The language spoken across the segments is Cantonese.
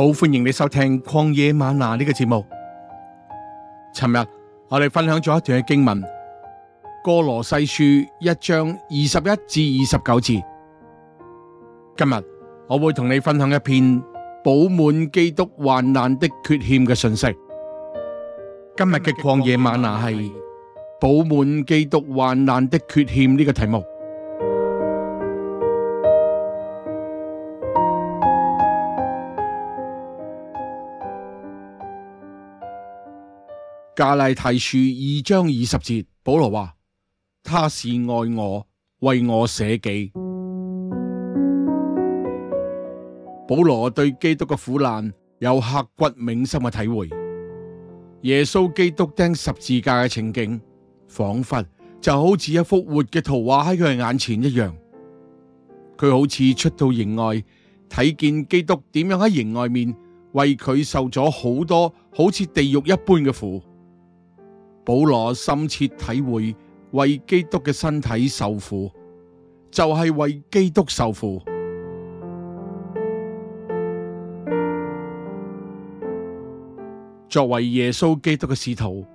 好，歡迎你收聽曠野嗎哪呢個節目。尋日我哋分享咗一段嘅經文《歌羅西書》一章二十一至二十九節。今日我會同你分享一篇補滿基督患難的缺欠嘅信息。今日嘅曠野嗎哪係補滿基督患難的缺欠呢個題目。加拉太書二章二十節，保羅話：他是愛我，為我捨己。保羅對基督嘅苦難有刻骨銘心嘅體會。耶穌基督釘十字架嘅情景，仿佛就好似一幅活嘅圖畫喺佢嘅眼前一樣。佢好似出到營外，睇見基督點樣喺營外面為佢受咗好多好似地獄一般嘅苦。保羅深切體會為基督嘅身體受苦，就係、是、為基督受苦。作為耶穌基督嘅使徒，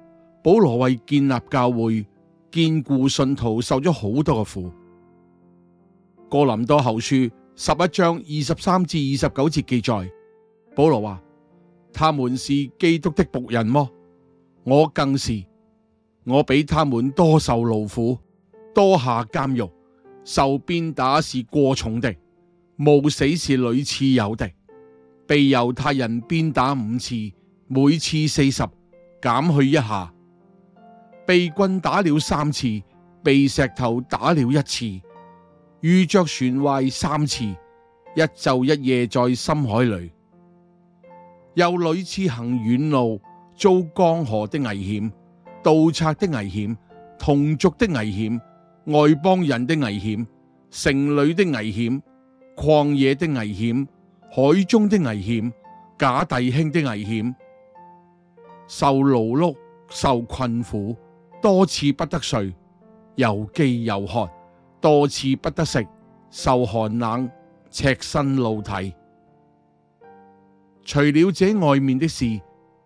保羅為建立教會、堅固信徒，受咗好多嘅苦。哥林多後書十一章二十三至二十九節記載，保羅話：他們是基督的僕人嗎？我更是。我比他們多受勞苦，多下監獄，受鞭打是過重的，冒死是屢次有的，被猶太人鞭打五次，每次四十，減去一下；被棍打了三次，被石頭打了一次，遇着船壞三次，一晝一夜在深海裏，又屢次行遠路，遭江河的危險。盜賊的危險，同族的危險，外邦人的危險，城裏的危險，曠野的危險，海中的危險，假弟兄的危險，受勞碌、受困苦，多次不得睡，又饑又渴，多次不得食，受寒冷，赤身露體。除了這外面的事，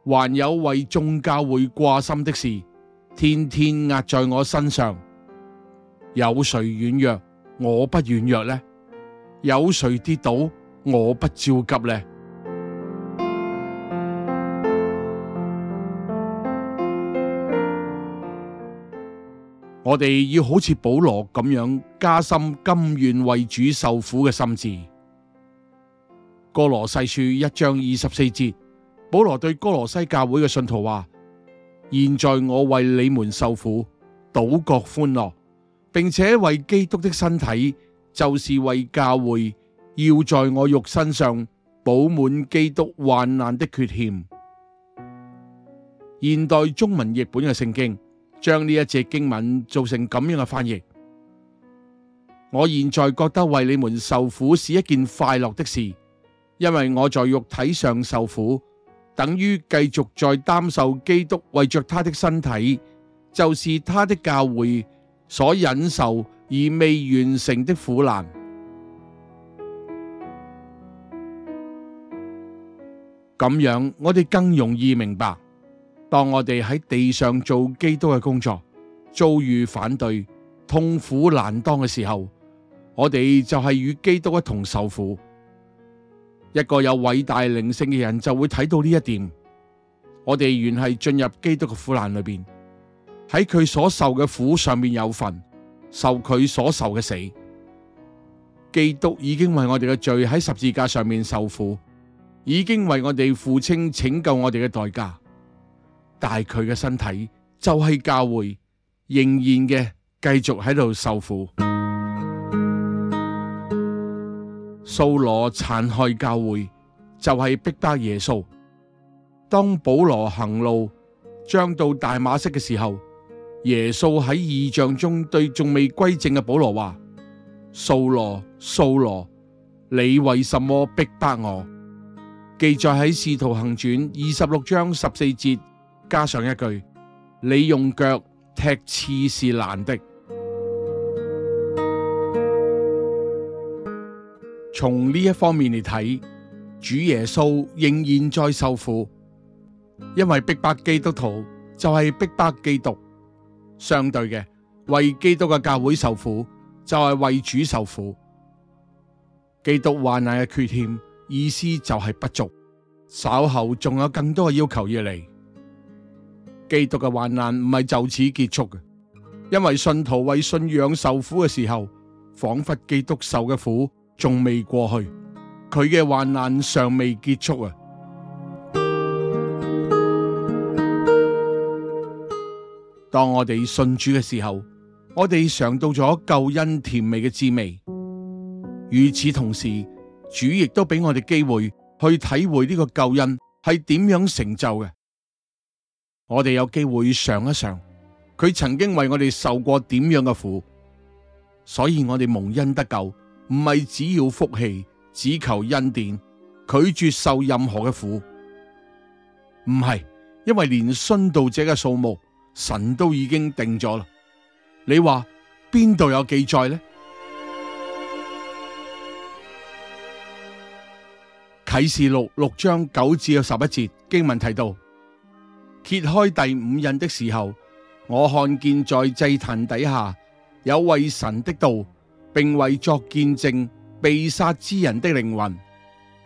還有為眾教會掛心的事。天天壓在我身上，有誰軟弱？我不軟弱呢？有誰跌倒？我不焦急呢？我哋要好似保羅咁樣加深甘願為主受苦嘅心志。哥羅西書一章二十四節，保羅對哥羅西教會嘅信徒話：現在我為你們受苦，倒覺歡樂，並且為基督的身體，就是為教會，要在我肉身上補滿基督患難的缺欠。現代中文譯本嘅聖經將呢一節經文做成咁樣嘅翻譯。我現在覺得為你們受苦是一件快樂的事，因為我在肉體上受苦。等於繼續再擔受基督為着他的身體，就是他的教會所忍受而未完成的苦難。咁樣，我哋更容易明白，當我哋喺地上做基督嘅工作，遭遇反對、痛苦難當嘅時候，我哋就係與基督一同受苦。一個有偉大靈性嘅人就會睇到呢一點。我哋原係進入基督嘅苦難裏邊，喺佢所受嘅苦上面有份，受佢所受嘅死。基督已經為我哋嘅罪喺十字架上面受苦，已經為我哋付清拯救我哋嘅代價。但係佢嘅身體就係教會仍然嘅，繼續喺度受苦。掃羅殘害教會，就係、是、逼迫耶穌。當保羅行路，將到大馬色嘅時候，耶穌喺異象中對仲未歸正嘅保羅話：掃羅，掃羅，你為什麼逼迫我？記載喺《使徒行傳》二十六章十四節，加上一句：你用腳踢刺是難的。從呢一方面嚟睇，主耶穌仍然在受苦，因為逼迫基督徒就係逼迫基督。相對嘅，為基督嘅教會受苦就係、是、為主受苦。基督患難嘅缺欠，意思就係不足，稍後仲有更多嘅要求要嚟。基督嘅患難唔係就此結束嘅，因為信徒為信仰受苦嘅時候，仿佛基督受嘅苦。仲未過去，佢嘅患難尚未結束啊！當我哋信主嘅時候，我哋嘗到咗救恩甜美嘅滋味。與此同時，主亦都俾我哋機會去體會呢個救恩係點樣成就嘅。我哋有機會嘗一嘗，佢曾經為我哋受過點樣嘅苦，所以我哋蒙恩得救。唔係只要福氣，只求恩典，拒絕受任何嘅苦。唔係，因為連殉道者嘅數目，神都已經定咗啦。你話邊度有記載呢？啟示錄六，六章九至十一節經文提到，揭開第五印的時候，我看見在祭壇底下有為神的道，並為作見證被殺之人的靈魂，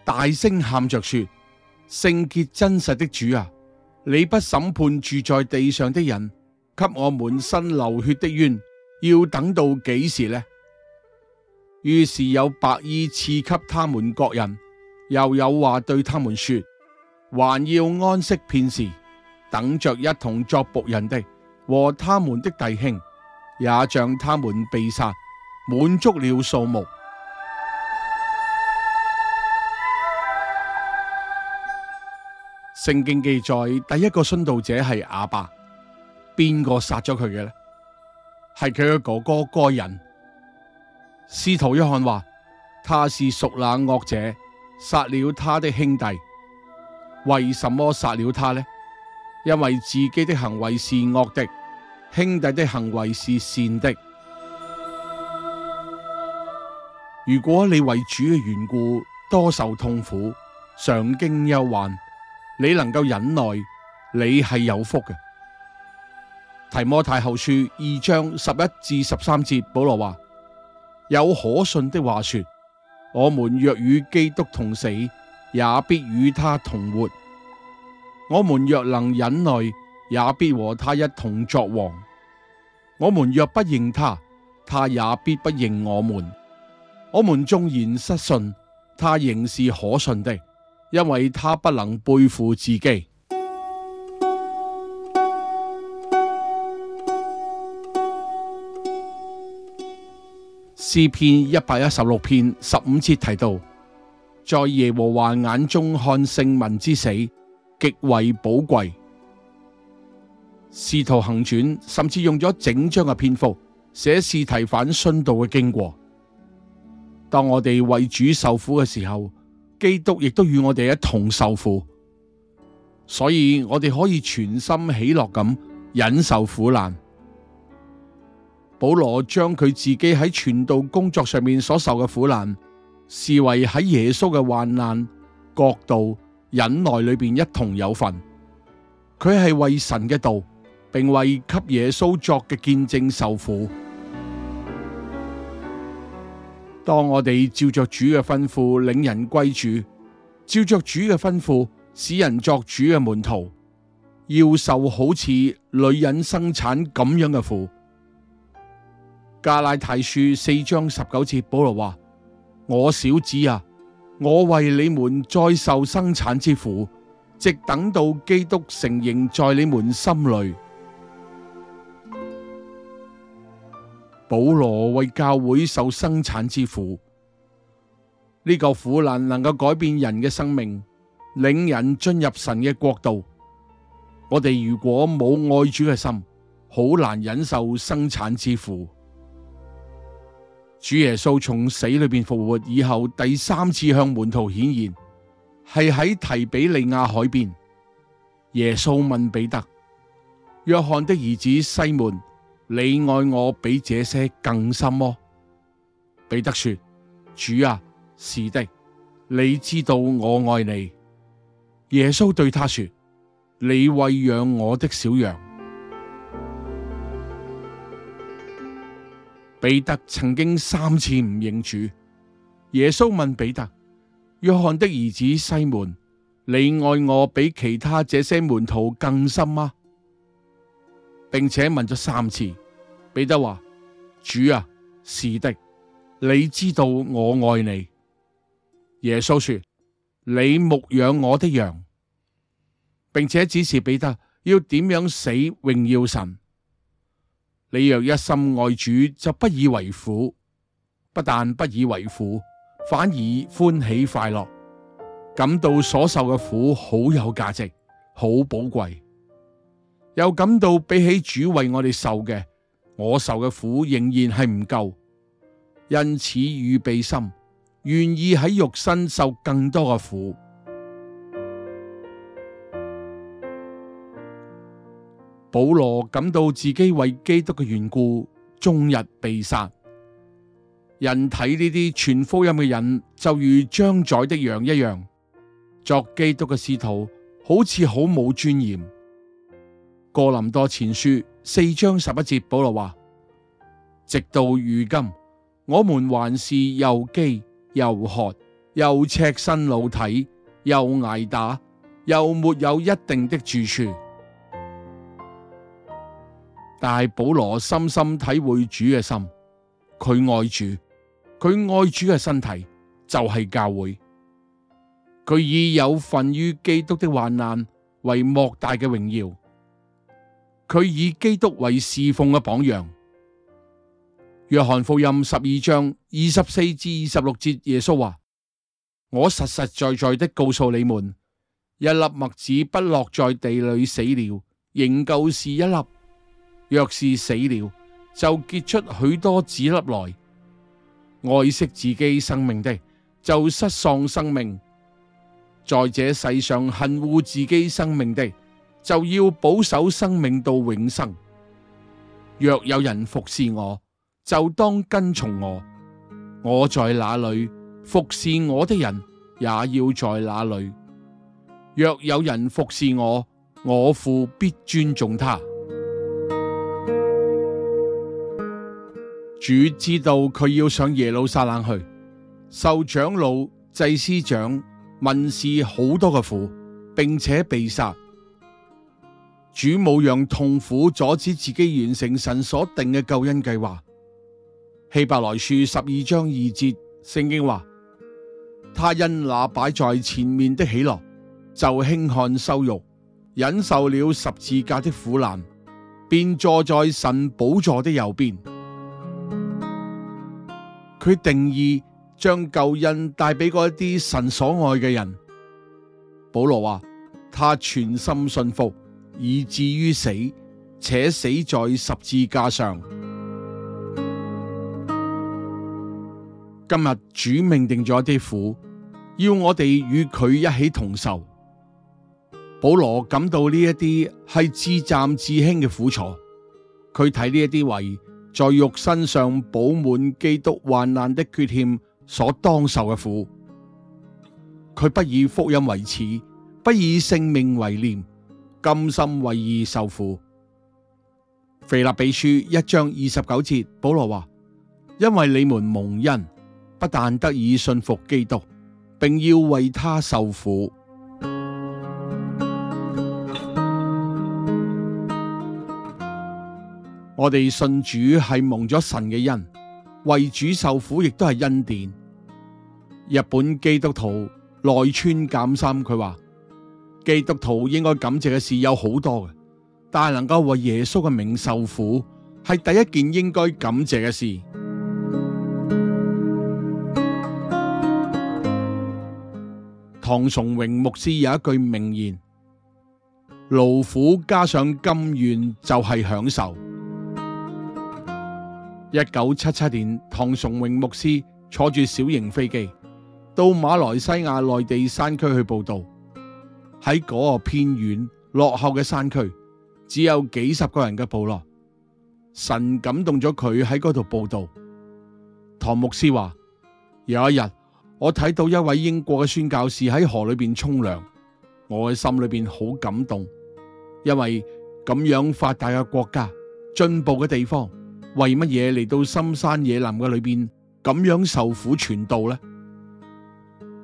大聲喊着說：聖潔真實的主啊，你不審判住在地上的人，給我們伸流血的冤，要等到幾時呢？於是有白衣賜給他們各人，又有話對他們說：還要安息片時，等着一同作僕人的和他們的弟兄，也像他們被殺。滿足了數目。聖經記載，第一個殉道者係亞伯。邊個殺咗佢嘅呢？係佢嘅哥哥該隱。使徒約翰話：他是屬那惡者，殺了他的兄弟。為什麼殺了他呢？因為自己的行為是惡的，兄弟的行為是善的。如果你為主嘅緣故多受痛苦，常經憂患，你能夠忍耐，你係有福嘅。提摩太後書二章十一至十三節，保羅話：有可信的話說，我們若與基督同死，也必與他同活；我們若能忍耐，也必和他一同作王。我們若不認他，他也必不認我們。我們縱然失信，他仍是可信的，因為他不能背負自己。詩篇一百一十六篇十五節提到，在耶和華眼中看聖民之死極為寶貴。使徒行傳甚至用咗整章嘅篇幅寫士提反殉道嘅經過。當我哋為主受苦嘅時候，基督亦都與我哋一同受苦，所以我哋可以全心喜樂咁忍受苦難。保羅將佢自己喺傳道工作上面所受嘅苦難，視為喺耶穌嘅患難、國度、忍耐裏邊一同有份。佢係為神嘅道，並為給耶穌作嘅見證受苦。當我哋照着主嘅吩咐領人歸主，照着主嘅吩咐使人作主嘅門徒，要受好似女人生產咁樣嘅苦。加拉太書四章十九節，保羅話：我小子啊，我為你們再受生產之苦，直等到基督成形在你們心裏。保羅為教會受生產之苦，呢個苦難能夠改變人嘅生命，令人進入神嘅國度。我哋如果冇愛主嘅心，好難忍受生產之苦。主耶穌從死裏邊復活以後，第三次向門徒顯現，係喺提比利亞海邊。耶穌問彼得、約翰的兒子西門。你愛我比這些更深麼、啊？彼得說：主啊，是的，你知道我愛你。耶穌對他說：你餵養我的小羊。彼得曾經三次唔認主。耶穌問彼得：約翰的兒子西門，你愛我比其他這些門徒更深嗎、啊？並且問咗三次，彼得話：主啊，是的，你知道我愛你。耶穌說：你牧養我的羊。並且指示彼得要點樣死榮耀神。你若一心愛主，就不以為苦，不但不以為苦，反而歡喜快樂，感到所受嘅苦好有價值，好寶貴。又感到比起主為我哋受嘅，我受嘅苦仍然係唔夠，因此預備心，願意喺肉身受更多嘅苦。保羅感到自己為基督嘅緣故，終日被殺。人睇，呢啲傳福音嘅人，就如將宰的羊一樣，作基督嘅使徒，好似好冇尊嚴。《哥林多前書》四章十一節，保羅話：直到如今，我們還是又飢又渴，又赤身露體，又挨打，又沒有一定的住處。但係保羅深深體會主嘅心，佢愛主，佢愛主嘅身體就係、是、教會，佢以有份於基督的患難為莫大嘅榮耀。佢以基督為侍奉嘅榜樣。約翰福音十二章二十四至二十六節，耶穌話：我實實在在的告訴你們，一粒麥子不落在地裏死了，仍舊是一粒；若是死了，就結出許多子粒來。愛惜自己生命的，就失喪生命；在這世上恨惡自己生命的，就要保守生命到永生。若有人服侍我，就當跟從我。我在哪裏服侍我的人，也要在哪裏。若有人服侍我，我父必尊重他。主知道佢要上耶路撒冷去，受長老、祭司長、問事好多嘅苦，並且被殺。主冇讓痛苦阻止自己完成神所定嘅救恩計劃。希伯來書十二章二節，聖經話：他因那擺在前面的喜樂，就輕看羞辱，忍受了十字架的苦難，便坐在神寶座的右邊。佢定義將救恩帶俾嗰一啲神所愛嘅人。保羅話：他全心信服，以至於死，且死在十字架上。今日主命定咗一啲苦，要我哋與佢一起同受。保羅感到呢一啲係至暫至輕嘅苦楚，佢睇呢一啲為在肉身上補滿基督患難的缺欠所當受嘅苦，佢不以福音為恥，不以性命為念。甘心為義受苦。腓立比書一章二十九節，保羅話：因為你們蒙恩，不但得以信服基督，並要為他受苦。 我哋信主係蒙咗神嘅恩，為主受苦亦都係恩典。日本基督徒內村鑑三佢話。基督徒應該感謝嘅事有好多，但能夠為耶穌嘅名受苦，係第一件應該感謝嘅事。唐崇榮牧師有一句名言：勞苦加上甘願就係享受。一九七七年，唐崇榮牧師坐住小型飛機到馬來西亞內地山區去報道。喺嗰個偏遠落後嘅山區，只有幾十個人嘅部落，神感動咗佢喺嗰度佈道。唐牧師話：有一日，我睇到一位英國嘅宣教士喺河裏邊沖涼，我嘅心裏邊好感動，因為咁樣發達嘅國家、進步嘅地方，為乜嘢嚟到深山野林嘅裏邊咁樣受苦傳道咧？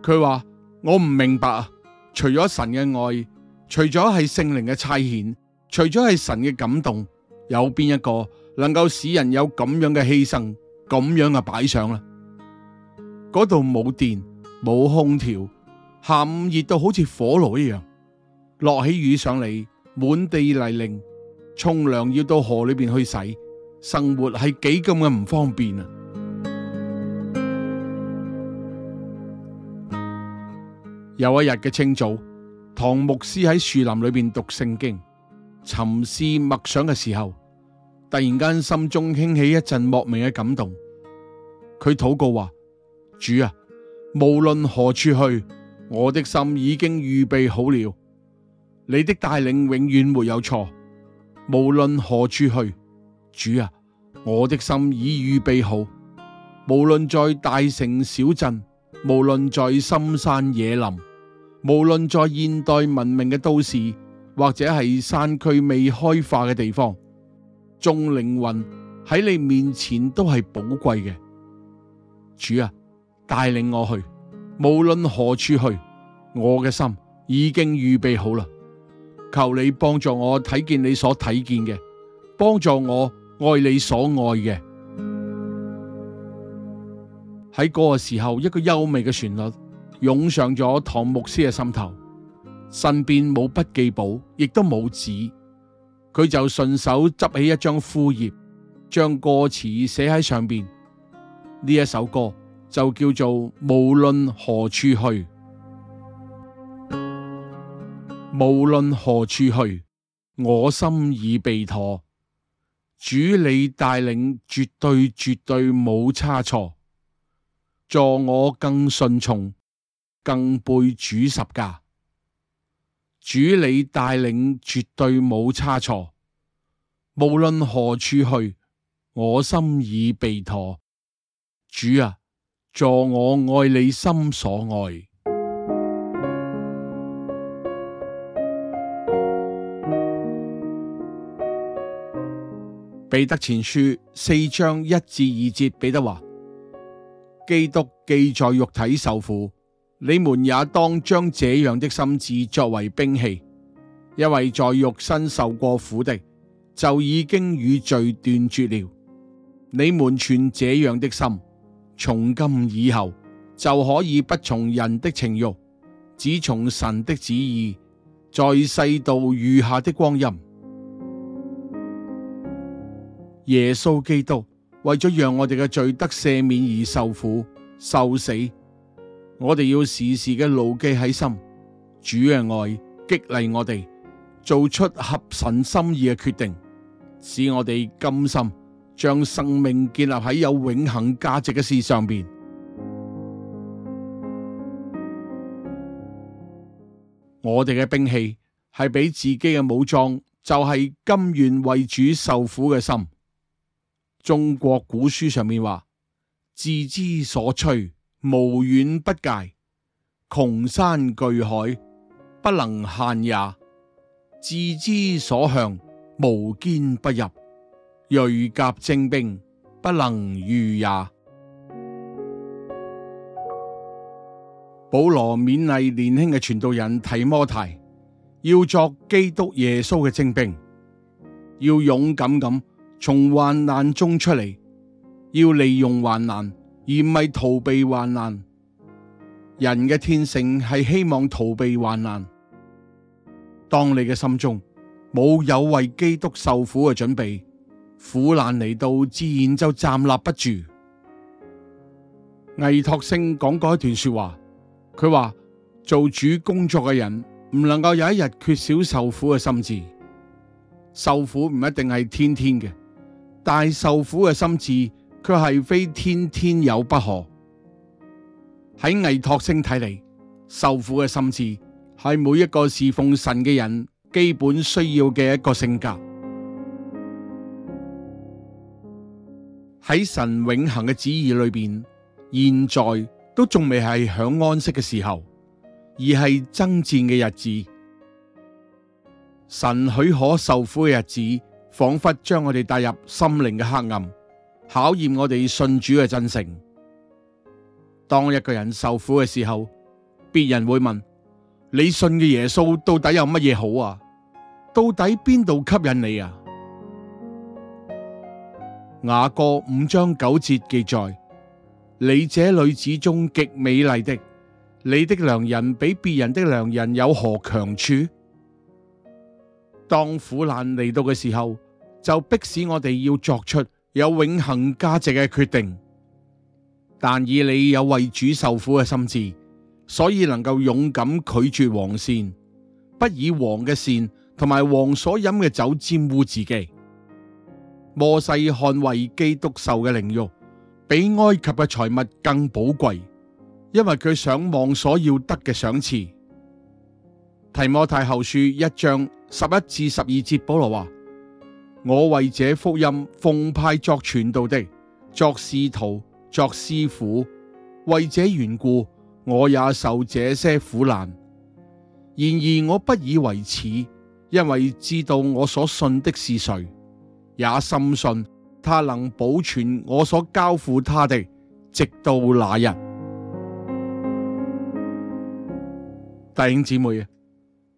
佢話：我唔明白啊！除咗神嘅愛，除咗係聖靈嘅差遣，除咗係神嘅感動，有邊一個能夠使人有咁樣嘅犧牲，咁樣嘅擺上？嗰度冇電，冇空調，下午熱到好似火爐一樣，落起雨上嚟，滿地泥濘，沖涼要到河裏邊去洗，生活係幾咁嘅唔方便啊！有一日嘅清早，唐牧師喺樹林裏邊讀聖經，沉思默想嘅時候，突然間心中興起一陣莫名嘅感動。佢禱告話：主啊，無論何處去，我的心已經預備好了。你的帶領永遠沒有錯。無論何處去，主啊，我的心已預備好。無論在大城小鎮，無論在深山野林。無論在現代文明嘅都市，或者係山區未開化嘅地方，眾靈魂喺你面前都係寶貴嘅。主啊，帶領我去，無論何處去，我嘅心已經預備好啦。求你幫助我睇見你所睇見嘅，幫助我愛你所愛嘅。喺嗰個時候，一個優美嘅旋律。湧上咗唐牧師嘅心頭，身邊冇筆記簿，亦都冇紙，佢就順手執起一張枯葉，將歌詞寫喺上邊。呢一首歌就叫做《無論何處去》，無論何處去，我心已備妥，主你帶領絕對絕對冇差錯，助我更順從。更背主十架，主你帶領絕對冇差錯。無論何處去，我心已備妥。主啊，助我愛你心所愛。彼得前書四章一至二節，彼得話：基督既在肉體受苦。你們也當將這樣的心志作為兵器，因為在肉身受過苦的，就已經與罪斷絕了。你們存這樣的心，從今以後就可以不從人的情欲，只從神的旨意，在世道餘下的光陰。耶穌基督為咗讓我哋嘅罪得赦免而受苦、受死。我哋要時時嘅牢記喺心，主嘅愛激勵我哋做出合神心意嘅決定，使我哋甘心將生命建立喺有永恒價值嘅事上面。我哋嘅兵器係俾自己嘅武裝，就係甘願為主受苦嘅心。中國古書上面話：自知所趨。無遠不界，窮山巨海不能限也；自知所向，無堅不入。銳甲精兵不能御也。保羅勉勵年輕嘅傳道人提摩太，要作基督耶穌嘅精兵，要勇敢咁從患難中出嚟，要利用患難。而唔係逃避患難，人嘅天性係希望逃避患難，當你嘅心中冇有，有為基督受苦嘅準備，苦難嚟到，自然就站立不住。倪柝聲講過一段說話，佢話，做主工作嘅人唔能夠有一日缺少受苦嘅心智，受苦唔一定係天天嘅，但係受苦嘅心智，佢係非天天有不可。喺魏托星睇嚟，受苦嘅心智係每一個侍奉神嘅人基本需要嘅一個性格。喺神永恒嘅旨意裏邊，現在都仲未係享安息嘅時候，而係爭戰嘅日子。神許可受苦嘅日子，仿佛將我哋帶入心靈嘅黑暗。考驗我哋信主嘅真誠。當一個人受苦嘅時候，別人會問：你信嘅耶穌到底有乜嘢好啊？到底邊度吸引你啊？雅歌五章九節記載：你這女子中極美麗的，你的良人比別人的良人有何強處？當苦難嚟到嘅時候，就迫使我哋要作出有永恒價值嘅決定，但以理有為主受苦嘅心志，所以能夠勇敢拒絕王膳，不以王嘅膳同埋王所飲嘅酒玷污自己。摩西看為基督受嘅凌辱，比埃及嘅財物更寶貴，因為佢想望所要得嘅賞賜。提摩太後書一章十一至十二節，保羅話。我為這福音奉派作傳道的，作使徒，作師傅，為這緣故，我也受這些苦難。然而我不以為恥，因為知道我所信的是誰，也深信他能保存我所交付他的，直到那日。弟兄姊妹啊，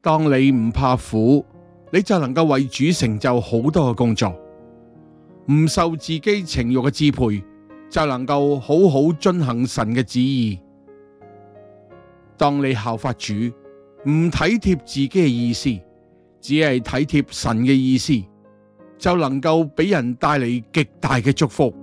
當你唔怕苦。你就能夠為主成就好多嘅工作，唔受自己情慾嘅支配，就能夠好好遵行神嘅旨意。當你效法主，唔體貼自己嘅意思，只係體貼神嘅意思，就能夠俾人帶嚟極大嘅祝福。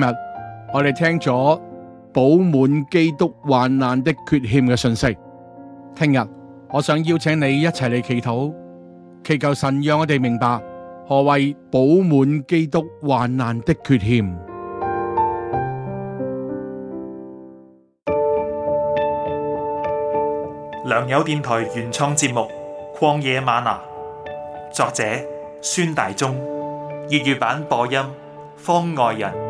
今日，我哋聽咗「補滿基督患難的缺欠」嘅信息。聽日，我想邀請你一齊嚟祈禱，祈求神讓我哋明白何謂「補滿基督患難的缺欠」。良友電台原創節目《曠野嗎哪》，作者孫大中，粵語版播音方外人。